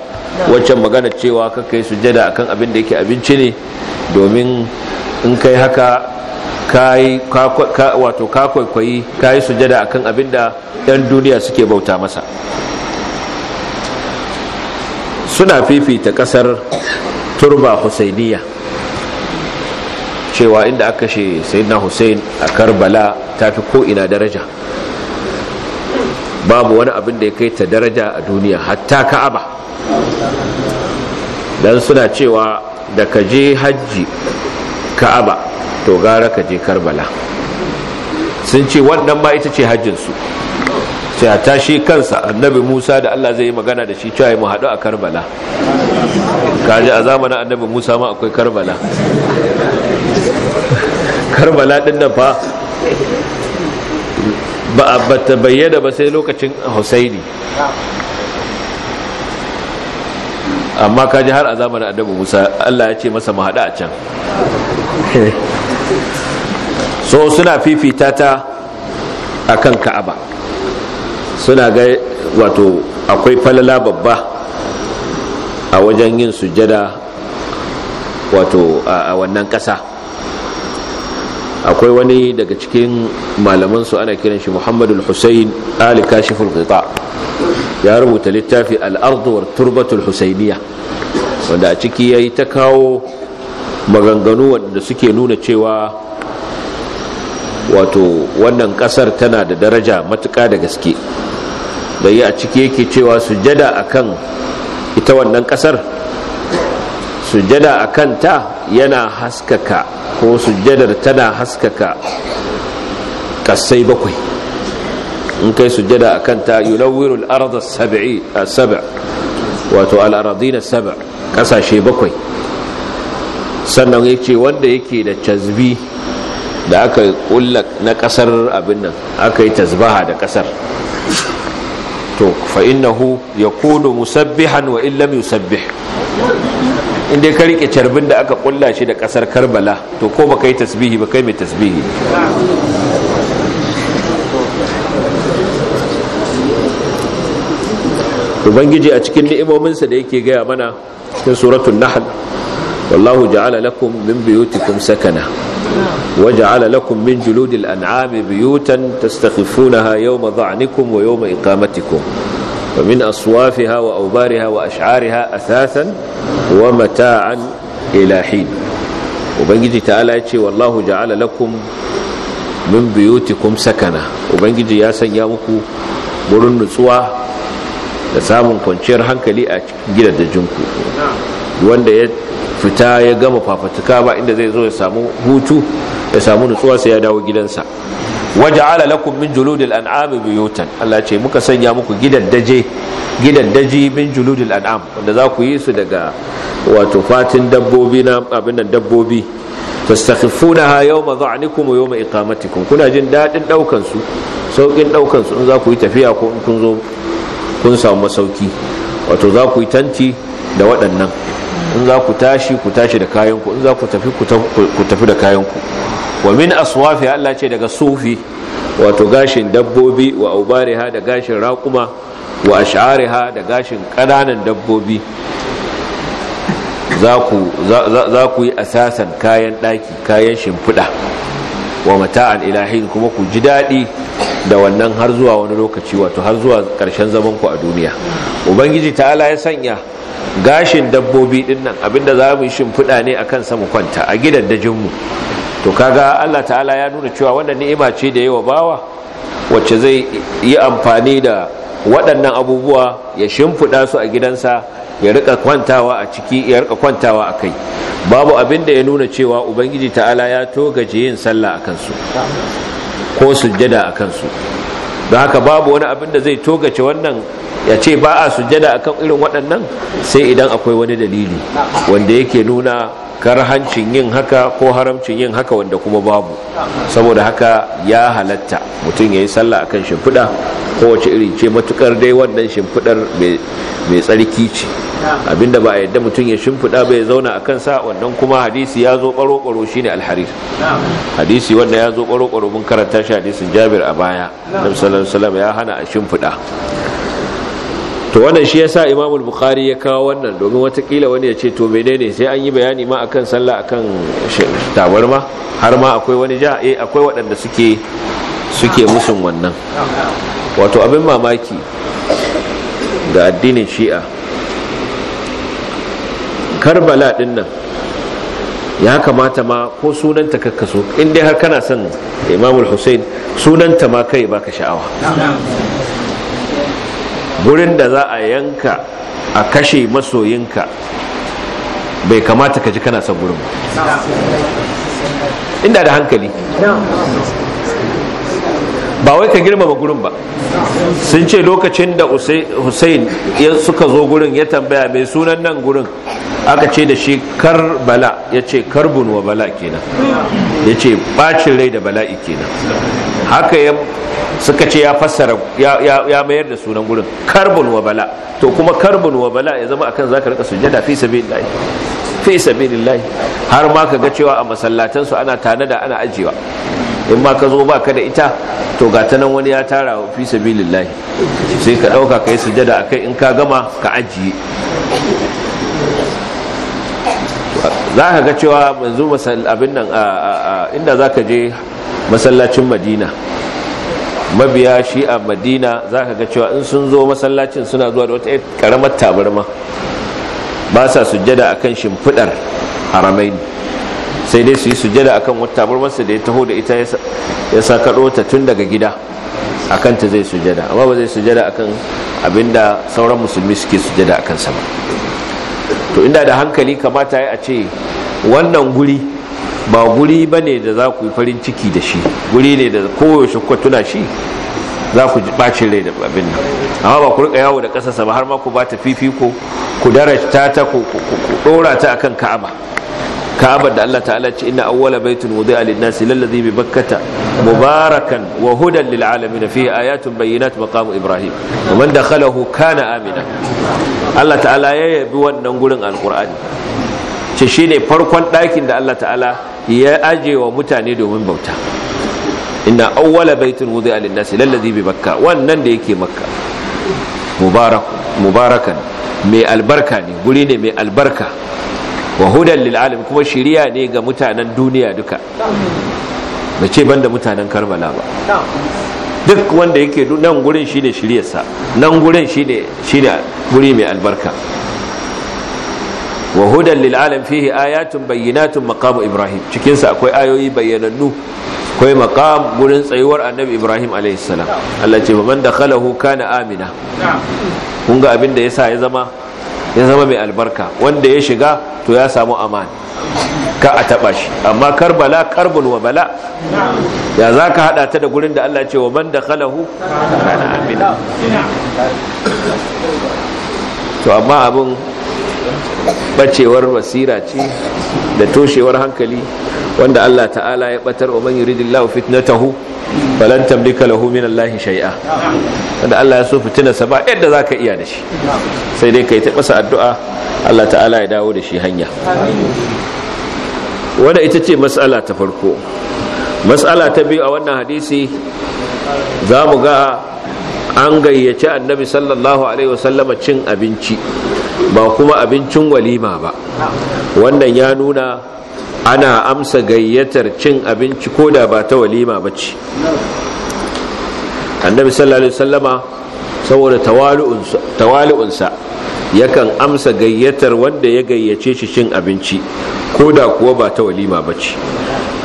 waccan magana cewa ka kai sujjada a kan abin da yake abinci ne domin in kai haka ka kwaikwayi ka yi sujjada a kan abin da 'yan duniya suke bauta masa suna fifita kasar turba husainiya cewa inda aka kashe sayyidina hussein a karbala ta fi ko'ina daraja babu wani abin da ya kai ta daraja a duniya hatta ka'aba dan suna cewa da ka je hajji ka'aba to gara ka je karbala sun ce wannan ma ita ce hajjinsu sai a tashi kansa annabi musa da allah zai yi magana da shi cewa mu haɗu a karbala kaji a zamanin annabi musa ma akwai karbala karbala din nan fa ba ta bayyana ba sai lokacin husaini amma kaji har a zamanin adabu musa allah ya ce masa mu haɗa a can so suna fifita ta a kan ka'aba suna ga wato akwai falala babba a wajen yin sujada wato a wannan ƙasa akwai wani daga cikin malaman su ana kiran shi muhammadul hussein ali kashiful qita ya rubuta littafi al-ard wa turbatul husainiyya wanda a ciki yayi ta kawo maganganu wanda suke nuna cewa wato wannan kasar tana da daraja matuƙa da gaske da yi a ciki yake cewa sujada akan ita wannan kasar sujada akan ta yana haskaka ko sujjadar tana haskaka kasai bakwai in kai sujjada a kanta yulawwiru al-ardh saba wato al-aradina saba kasashe bakwai sannan yace wanda yake da cazbi da aka kulla na kasar abin nan aka yi tasbaha da kasar to fa innahu yakunu musabbihan wa illam yusabbih in dai ka rike carbin da aka kulla shi da kasar karbala to ko baka yi tasbihi ba kai mai tasbihi ubangiji a cikin ni'imominsa da yake gaya mana cikin suratul nahl wallahu ja'ala lakum min buyutikum sakana وجعل لكم من جلود الأنعام بيوتا تستخفونها يوم ضعنكم ويوم إقامتكم ومن أصوافها وأوبارها وأشعارها أثاثا wa mata'an ila hin ubangiji ta'ala ya ce wallahu ja'ala lakum min buyutikum sakana ubangiji ya sanya muku wurin nutsuwa da samun kwanciyar hankali a gidajenku wanda ya fita ya gama fafatuka ba inda zai zo ya samu hutu ya samu nutsuwa sai ya dawo gidansa Waje lakum min juludil an'ami buyutan Allah ce muka sanya muku gidan daje gidan daji min juludil an'am wanda za ku yi su daga wato fatin dabbobi na abin nan dabbobi fastakhifunaha yawma dha'nikum wa yawma iqamatikum kuna jin dadin daukan su saukin daukan su in za ku yi tafiya ko in kun zo kun samu masauki wato za ku yi tanti da waɗannan in za ku tashi ku tashi da kayanku in za ku tafi ku tafi da kayanku wa min aswafi Allah ce daga sufi wato gashin dabbobi wa aubariha da gashin raƙuma wa ash'ariha da gashin kananan dabbobi za ku yi asasan kayan daki kayan shimfida wa mata'an ilahin kuma ku ji dadi da wannan har zuwa wani lokaci wato har zuwa ƙarshen ku a duniya ubangiji ta'ala ya sanya gashin dabbobi din nan abinda za mu yi shimfiɗa ne a kansa mu kwanta a gidan dajinmu to kaga Allah ta'ala ya nuna cewa wannan ni'ima ce da yawa bawa wacce zai yi amfani da waɗannan abubuwa ya shimfiɗa su a gidansa ya rika kwantawa a ciki ya rika kwantawa a kai babu abinda ya nuna cewa ubangiji ta'ala ya togaje yin sallah a kansu ko sujjada a kansu don haka babu wani abinda zai togace wannan ya ce ba a sujada akan irin waɗannan sai idan akwai wani dalili wanda yake nuna karhancin yin haka ko haramcin yin haka wanda kuma babu saboda haka ya halatta mutum ya yi sallah akan shimfiɗa kowace iri ce matukar dai wannan shimfiɗar mai tsarki ce abinda ba a yadda mutum ya shimfiɗa bai zauna a sa wannan kuma hadisi ya zo ɓaro-ɓaro ne alharir hadisi wanda ya zo ɓaro-ɓaro mun karanta shi hadisin jabir a baya ya hana a shimfiɗa to wannan shi yasa imamu bukhari ya kawo wannan domin watakila wani ya ce to menene sai an yi bayani ma akan sallah akan tabarma har ma akwai wani ja eh akwai waɗanda suke suke musun wannan wato abin mamaki ga addinin shi'a karbala din nan ya kamata ma ko sunanta kakkaso in dai har kana son imamul hussein sunanta ma kai baka sha'awa gurin da za a yanka a kashe masoyinka bai kamata ka ji kana son gurin inda da hankali ba wai ka girmama gurin ba sun ce lokacin da hussein suka zo gurin ya tambaya mai sunan nan gurin aka ce da shi karbala ya ce karbun bala kenan ya ce bacin rai da bala'i kenan haka ya suka ce ya fassara ya mayar da sunan gurin karbon wa bala to kuma karbun wa bala ya zama akan zaka rika sujjada fi sabilillah fi sabilillah har ma ka ga cewa a masallatan su ana da ana ajiyewa in ma ka zo ba da ita to ga ta nan wani ya tara fi sabilillah sai ka dauka kai sujjada akai in ka gama ka ajiye za ka ga cewa manzo abin nan inda zaka je masallacin madina mabiya shi a madina za ka ga cewa in sun zo masallacin suna zuwa da wata karamar tabarma ba sa sujjada kan shimfidar ne, sai dai su yi sujjada akan wata tabarmarsa da ya taho da ita ya sa ta tun daga gida kan ta zai sujjada amma ba zai sujjada abin da sauran musulmi suke sujjada kan sama to inda da hankali kamata ya a ce wannan guri ba guri ba ne da za ku yi farin ciki da shi guri ne da kowace kuka tuna shi za ku bacin rai da abin nan amma ba ku rika yawo da ƙasa ba har ma ku ba ta ko ku dara ta ku dora ta akan ka'aba ka'aba da Allah ta'ala ce inna awwala baitin wudi'a lin-nasi lallazi bi bakkata mubarakan wa hudan lil alamin fihi ayatun bayyinat maqam ibrahim wa man dakhalahu kana amina Allah ta'ala ya yabi wannan gurin alqur'ani ce shine farkon ɗakin da Allah ta'ala ya aje wa mutane domin bauta inna awwala baitin wudi'a lin-nasi lalladhi bi makka wannan da yake makka mubarak mubarakan mai albarka ne guri ne mai albarka wa hudan lil alim kuma shiriya ne ga mutanen duniya duka ba ce banda mutanen Karbala ba duk wanda yake nan gurin shine shiriyarsa nan gurin shine shine guri mai albarka wa hudan lil alam fihi ayatun bayyinatun maqamu ibrahim cikin sa akwai ayoyi bayyanannu akwai maqam gurin tsayuwar annabi ibrahim alaihi salam Allah ce man dakhalahu kana amina kun ga abin da yasa ya zama ya zama mai albarka wanda ya shiga to ya samu aman ka a taba shi amma karbala karbul wa bala ya za ka hada ta da gurin da Allah ce wa man dakhalahu kana amina to amma abun. bacewar basira ce da toshewar hankali wanda Allah ta'ala ya batar wa man yuridillahu fitnatahu falan tamlika lahu min Allah shay'a wanda Allah ya so fitina sa ba yadda zaka iya da shi sai dai kai ta masa addu'a Allah ta'ala ya dawo da shi hanya wanda ita ce mas'ala ta farko mas'ala ta biyu a wannan hadisi zamu ga an gayyaci annabi sallallahu alaihi wasallama cin abinci ba kuma abincin walima ba wannan ya nuna ana amsa gayyatar cin abinci ko da ba ta walima ba ce annabi sallallahu alaihi wasallama saboda tawali'unsa yakan amsa gayyatar wanda ya gayyace shi cin abinci ko da kuwa ba ta walima ba ce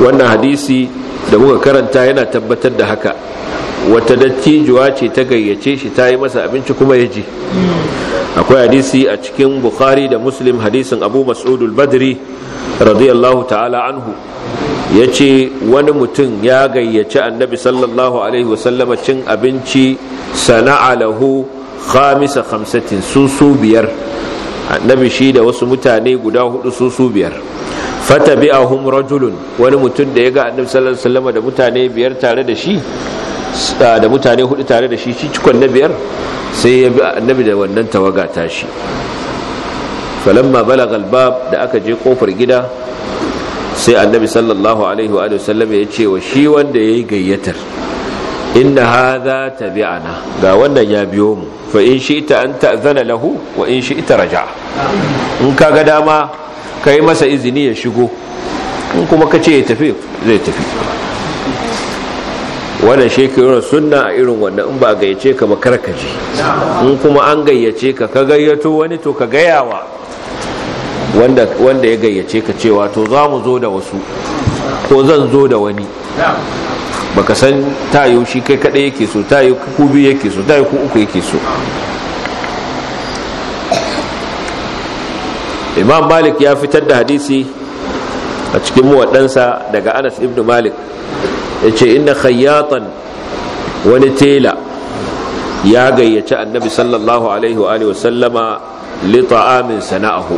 wannan hadisi da muka karanta yana tabbatar da haka wata dattijuwa ce ta gayyace shi ta yi masa abinci kuma ya ji akwai hadisi a cikin bukhari da muslim hadisin abu mas'udul badri radiyallahu ta'ala anhu ya ce wani mutum ya gayyaci annabi sallallahu alaihi wasallama cin abinci sana'a lahu khamisa khamsatin su biyar annabi shi da wasu mutane guda hudu su biyar fata bi'ahum rajulun wani mutum da ya ga annabi sallallahu alaihi wasallama da mutane biyar tare da shi Ah, da mutane hudu tare da shi cikon na biyar sai ya bi annabi da wannan tawaga tashi falamma balaga albab da aka je kofar gida sai annabi sallallahu alaihi wa sallam ya ce wa shi wanda yayi gayyatar inna hadha tabi'ana ga wannan ya biyo mu fa in shi'ta an ta'zana lahu wa in shi'ta raja'a in kaga dama kai masa izini ya shigo in kuma kace ya tafi zai tafi ke yi suna a irin wanda in ba gayyace ka ji in kuma an gayyace ka ka gayyato wani to ka gayawa wanda ya gayyace ka cewa to za mu zo da wasu ko zan zo da wani baka san tayo shi kai kadai yake so tayo ku biyu yake so tayo ku uku yake so imam malik ya fitar da hadisi a cikin muwaddansa daga anas ibn malik yace inna khayyatan wani tela ya gayyace annabi sallallahu alaihi wa alihi wasallama li ta'amin sana'ahu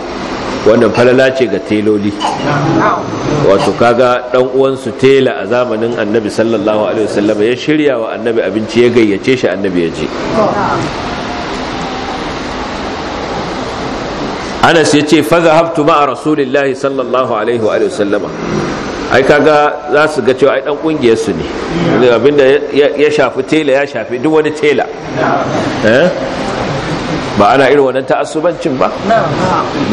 wannan falala ce ga teloli wato kaga dan uwansu tela a zamanin annabi sallallahu alaihi wasallama ya shirya wa annabi abinci ya gayyace shi annabi ya je Anas ya ce faza fazahabtu a rasulillahi sallallahu alaihi wa sallama ai kaga za su ga cewa ai dan kungiyar su ne abinda ya shafi tela ya shafi duk wani tela ba ana irin wannan ta'assubancin ba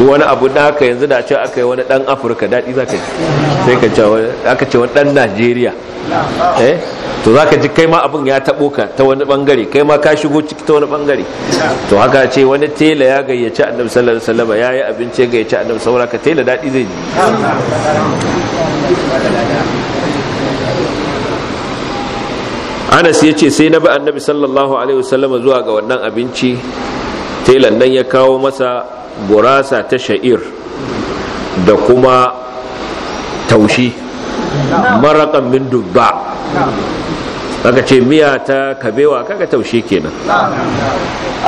wani abu da haka yanzu da ce aka yi wani dan afirka daɗi za ka ji sai ka ce aka ce wani dan najeriya eh to za ka ji kai ma abun ya taɓo ka ta wani ɓangare kai ma ka shigo ciki ta wani ɓangare to haka ce wani tela ya gayyaci annabi sallallahu alaihi wasallam ya yi abinci ya gayyaci annabi saura ka tela daɗi zai ji anas ya ce sai na bi annabi sallallahu alaihi wasallam zuwa ga wannan abinci telan nan ya kawo masa gurasa ta sha'ir da kuma taushi marakan min dubba aka ce miya ta kabewa kaga taushi kenan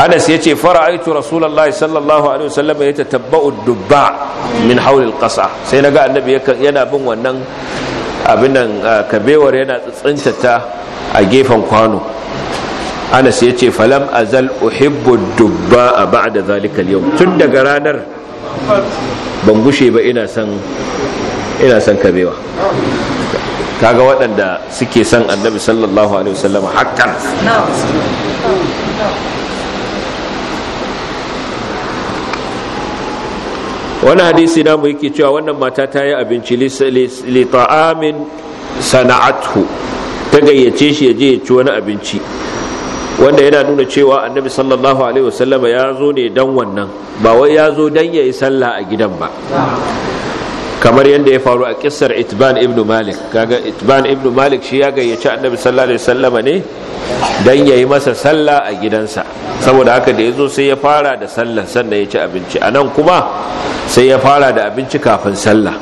anas ya ce fara'aitu rasulullahi sallallahu alaihi wasallam ya tatabba'u dubba min haulil ƙasa sai naga annabi yana bin wannan abin nan kabewar yana tsintata a gefen kwano anas ya ce falam azal uhibbu dubba a ba'da zalikal yau tun daga ranar ban gushe ba ina son ina son kabewa kaga waɗanda suke son annabi sallallahu alaihi wasallam hakan wani hadisi namu yake cewa wannan mata ta yi abinci li ta'amin sana'athu ta gayyace shi ya je ya ci wani abinci wanda yana nuna cewa annabi sallallahu alaihi wasallama ya zo ne dan wannan ba wai ya zo dan ya yi sallah a gidan ba kamar yadda ya faru a kissar itban ibn malik kaga itban ibn malik shi ya gayyaci annabi sallallahu alaihi wasallama ne dan ya yi masa sallah a gidansa saboda haka da ya zo sai ya fara da sallah sannan ya ci abinci anan kuma sai ya fara da abinci kafin sallah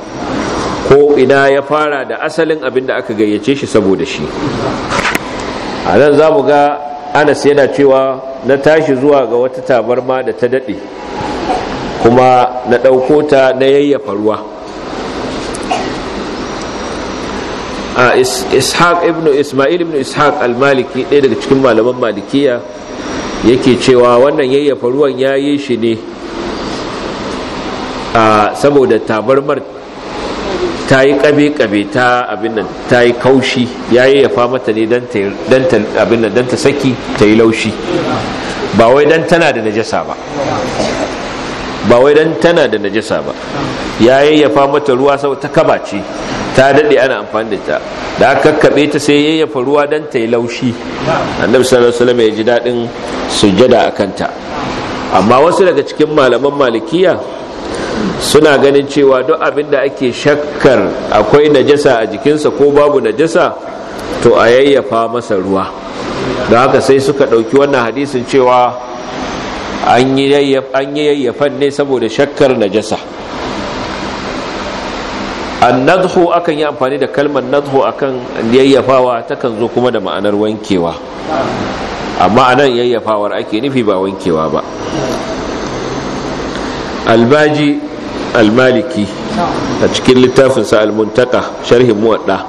ko ina ya fara da asalin abin da aka gayyace shi saboda shi a nan za mu ga anas yana cewa na tashi zuwa ga wata tabarma da ta daɗe kuma na ɗauko ta na yayyafa ruwa a ishaq ibn ismail ibn ishaq al-maliki ɗaya daga cikin malaman malikiya yake cewa wannan yayyafa ruwan ya yi shi ne saboda tabarmar ta yi ƙabe-ƙabe ta abin nan ta yi kaushi ya yi yafa mata ne don ta saki ta yi laushi ba wai don tana da najasa ba ba wai don tana da najasa ba ya mata ruwa sau ta kaba ce ta daɗe ana amfani da ta da aka kaɓe ta sai ya yafa ruwa don ta yi laushi annabi sallallahu alaihi wasallam ya ji daɗin sujada a kanta amma wasu daga cikin malaman malikiya suna ganin cewa duk abin da ake shakkar akwai najasa a jikinsa ko babu najasa to a yayyafa masa ruwa Da haka sai suka ɗauki wannan hadisin cewa an yi yayyafan ne saboda shakkar najasa nadhu akan yi amfani da kalmar nadhu akan yayyafawa takan zo kuma da ma'anar wankewa amma anan yayyafawar ake nufi ba wankewa ba albaji almaliki a cikin littafinsa almuntaka sharhin muwadda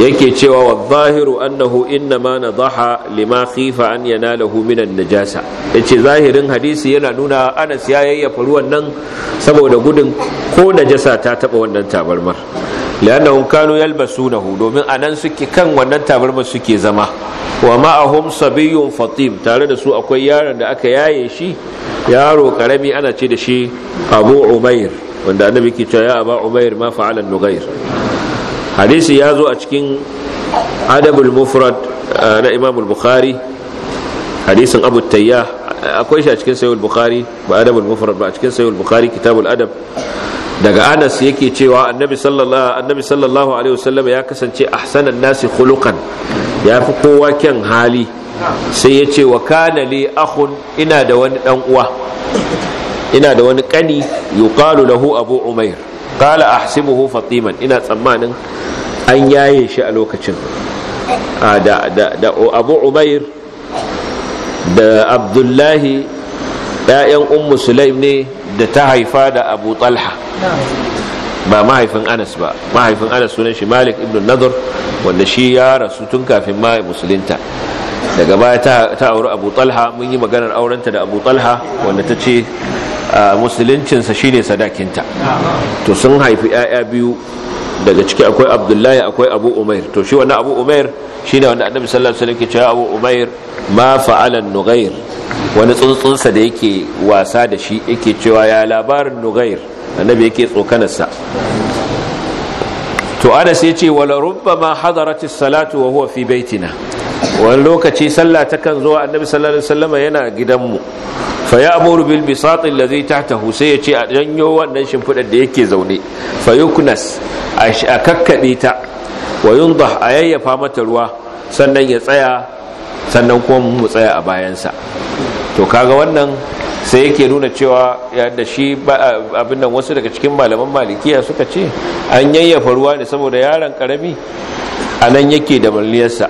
yake cewa wa zahiru annahu inna ma na zaha lima khifa an najasa ya ce zahirin hadisi yana nuna anas ya yayyafa ruwan nan saboda gudun ko najasa ta taba wannan tabarmar li'annahum kanu hu domin a nan suke kan wannan tabarma suke zama wa ma'ahum sabiyun fatim tare da su akwai yaron da aka yaye shi yaro karami ana ce da shi Abu Umair wanda annabi ke cewa ya Abu Umair ma fa'alan nugair hadisi ya zo a cikin Adabul Mufrad na Imam Bukhari hadisin Abu Tayyah akwai shi a cikin Sahih Bukhari ba Adabul Mufrad ba a cikin Sahih Bukhari Kitabul Adab daga anas yake cewa annabi sallallahu alaihi wasallam ya kasance ahsanan nasi khuluqan ya fi kowa kyan hali sai ya ce wa kana li akhun ina da wani dan uwa ina da wani kani yuqalu lahu abu umair qala ahsibuhu fatiman ina tsammanin an yaye shi a lokacin da abu umair da abdullahi ‘ya'yan ummu sulaim ne da ta haifa da abu talha ba mahaifin anas ba mahaifin anas sunan shi malik ibn nadar wanda shi ya rasu tun kafin ma musulinta, daga baya ta auri abu talha mun yi maganar aurenta da abu talha wanda ta ce musuluncinsa shine sadakinta to sun haifi 'ya'ya biyu daga ciki akwai abdullahi akwai abu umair to shi wannan abu umair shi ne wanda annabi sallallahu alaihi wasallam ke cewa abu umair ma fa'alan nugair wani tsuntsunsa da yake wasa da shi yake cewa ya labarin nugair annabi yake tsokanarsa to anas ya ce wala rubbama hadaratis salatu wa huwa fi baitina wani lokaci sallah takan zo annabi sallallahu alaihi wasallam yana gidanmu fa ya'muru bil bisat alladhi tahtahu sai yace a janyo wannan shimfidar da yake zaune fa yuknas a kakkabe ta wa yundah a yayyafa mata ruwa sannan ya tsaya sannan kuma mu tsaya a bayansa to kaga wannan sai yake nuna cewa yadda shi abin nan wasu daga cikin malaman malikiya suka ce an yayyafa ruwa ne saboda yaron karami a nan yake da malliyarsa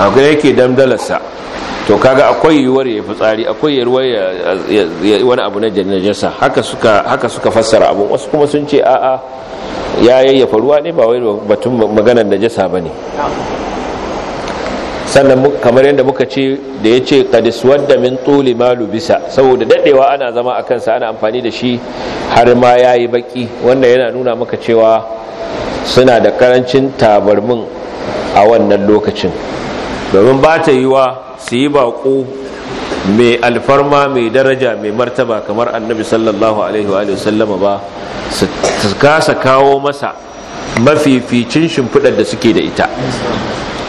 akwai yake damdalarsa to kaga akwai yiwuwar ya fi tsari akwai yiwuwa ya wani abu na jannajarsa haka suka fassara abu wasu kuma sun ce a'a ya yayyafa ruwa ne ba wai batun maganar najasa ne. sannan kamar yadda muka ce da ya ce kadis wadda min tuli malu bisa saboda dadewa ana zama a kansa ana amfani da shi har ma ya yi baki wanda yana nuna maka cewa suna da ƙarancin tabarmin a wannan lokacin domin ba ta yi wa su yi baƙo mai alfarma mai daraja mai martaba kamar annabi sallallahu alaihi wa sallama ba su kasa kawo masa mafificin shimfiɗar da suke da ita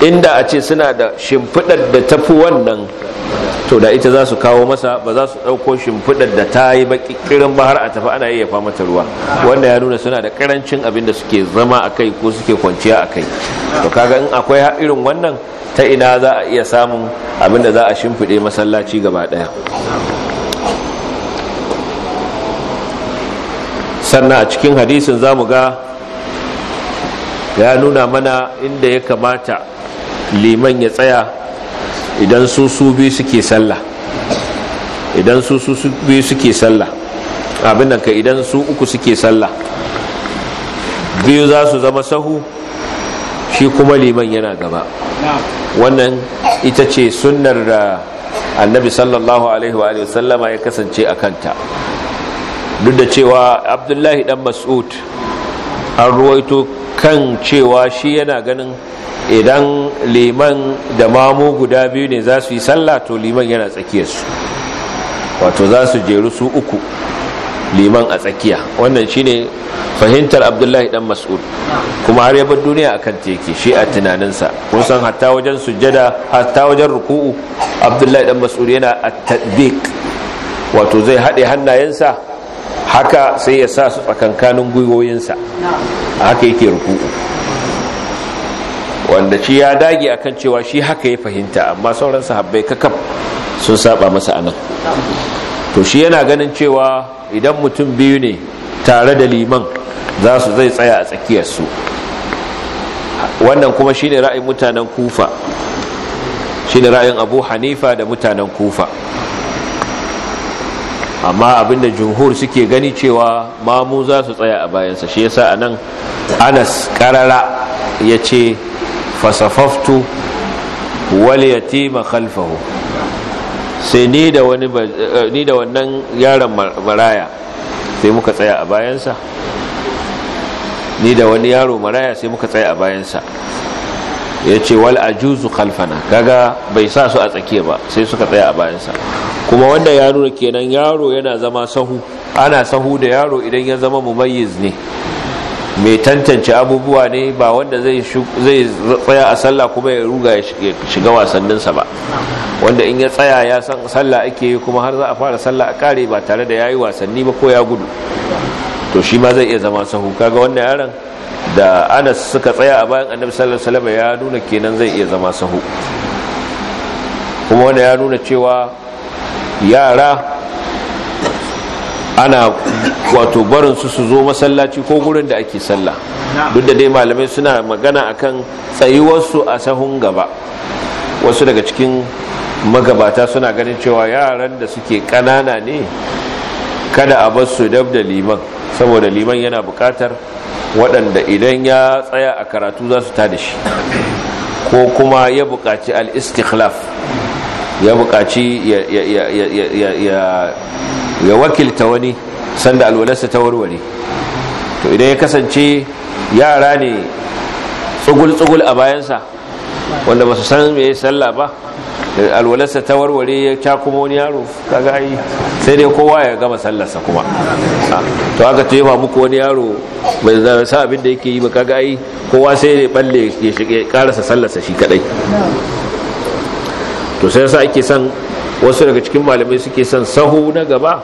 inda a ce suna da shimfiɗar da tafi wannan to da ita za su kawo masa ba za su ɗauko shimfiɗar da ta yi baƙiƙirin ba har a tafi ana yayyafa mata ruwa wanda ya nuna suna da ƙarancin abin da suke zama a kai ko suke kwanciya a kai to kaga in akwai irin wannan ta ina za a iya samun abin da za a shimfiɗe masallaci gaba ɗaya sannan a cikin hadisin za mu ga ya nuna mana inda ya kamata liman ya tsaya idan su su biyu suke sallah idan su su biyu suke sallah abin nan ka idan su uku suke sallah biyu za su zama sahu shi kuma liman yana gaba wannan ita ce sunnar da annabi sallallahu alaihi wa sallama ya kasance a kanta duk da cewa abdullahi dan mas'ud an ruwaito kan cewa shi yana ganin idan liman da mamu guda biyu ne za su yi sallah to liman yana tsakiyarsu wato za su jeru su uku liman a tsakiya wannan shine fahimtar abdullahi dan mas'ud kuma har yabar duniya akan teke shi a tunaninsa kun san hatta wajen sujjada hatta wajen ruku'u abdullahi dan mas'ud yana at-tadbiq wato zai haɗe hannayensa haka sai ya sa su tsakankanin gwiwoyinsa haka yake ruku. wanda shi ya dage akan cewa shi haka ya fahimta amma sauran sahabbai kakaf sun saba masa anan to shi yana ganin cewa idan mutum biyu ne tare da liman za su zai tsaya a tsakiyarsu wannan kuma shine ra'ayin mutanen kufa shine ra'ayin abu hanifa da mutanen kufa amma abinda jumhur suke gani cewa mamu za su tsaya a bayansa shi yasa a nan anas karara ya ce fasafaftu wal khalfahu sai sai eh, ni da wannan yaron maraya sai muka tsaya a bayansa ni da wani yaro maraya sai muka tsaya a bayansa ya ce wal ajuzu khalfana kaga bai sa su a tsakiya ba sai suka tsaya a bayansa kuma wanda ya nuna kenan yaro yana zama sahu ana sahu da yaro idan ya zama mumayyiz ne mai tantance abubuwa ne ba wanda zai tsaya a sallah kuma ya ruga ya shiga wasanninsa ba wanda in ya tsaya ya san sallah ake yi kuma har za a fara sallah a kare ba tare da ya yi wasanni ba ko ya gudu to shi ma zai iya zama sahu kaga wannan yaron da anas suka tsaya a bayan annabi sallallahu alaihi wasallam ya nuna kenan zai iya zama sahu kuma wanda ya nuna cewa yara ana wato barin su su zo masallaci ko gurin da ake sallah duk da dai malamai suna magana akan tsayuwarsu a sahun gaba wasu daga cikin magabata suna ganin cewa yaran da suke kanana ne kada a bar su dab da liman saboda liman yana bukatar waɗanda idan ya tsaya a karatu za su ta da shi ko kuma ya bukaci al-istikhlaf ya bukaci ya wakilta wani sanda alwalarsa ta warware to idan ya kasance yara ne tsugul-tsugul a bayansa wanda ba su san mai sallah ba alwalarsa ta warware ya ca kuma wani yaro kaga ai sai dai kowa ya gama sallarsa kuma ah, to aka ma muku wani yaro bai zama sa abin da yake yi ba kaga kowa sai ya balle ya shige karasa sallarsa shi kadai to sai yasa ake son wasu daga cikin malamai suke son sahu na gaba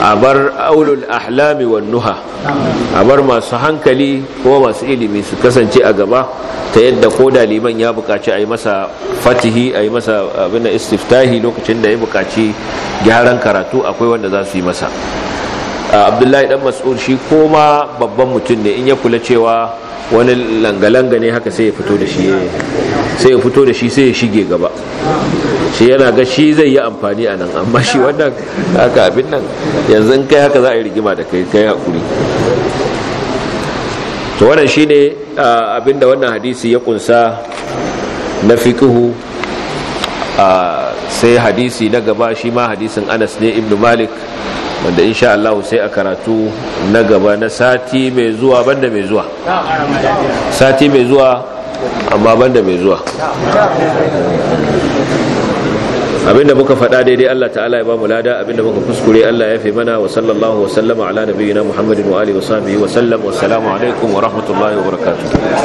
a bar aulul ahlami wan nuha a bar masu hankali ko masu ilimi su kasance a gaba ta yadda ko da liman ya bukaci a yi masa fatihi a yi masa abin da istiftahi lokacin da ya bukaci gyaran karatu akwai wanda za su yi masa abdullahi dan mas'ud shi koma babban mutum ne in ya kula cewa wani langa-langa ne haka sai ya fito da shi sai ya shige gaba shi yana ga shi zai yi amfani a nan amma shi wannan haka abin nan yanzu in kai haka za a yi rigima da kai kai hakuri to wannan shine abin da wannan hadisi ya kunsa na fiqhu sai hadisi na gaba shi ma hadisin Anas ne Ibn Malik wanda insha Allah sai a karatu na gaba na sati mai zuwa banda mai zuwa sati mai zuwa amma banda mai zuwa abinda muka faɗa daidai Allah ta'ala ya ba mu lada abinda muka kuskure Allah ya fi mana wa sallallahu wa sallama ala nabiyyina Muhammadin wa alihi wa sahbihi wa sallam wa assalamu alaikum wa rahmatullahi wa barakatuh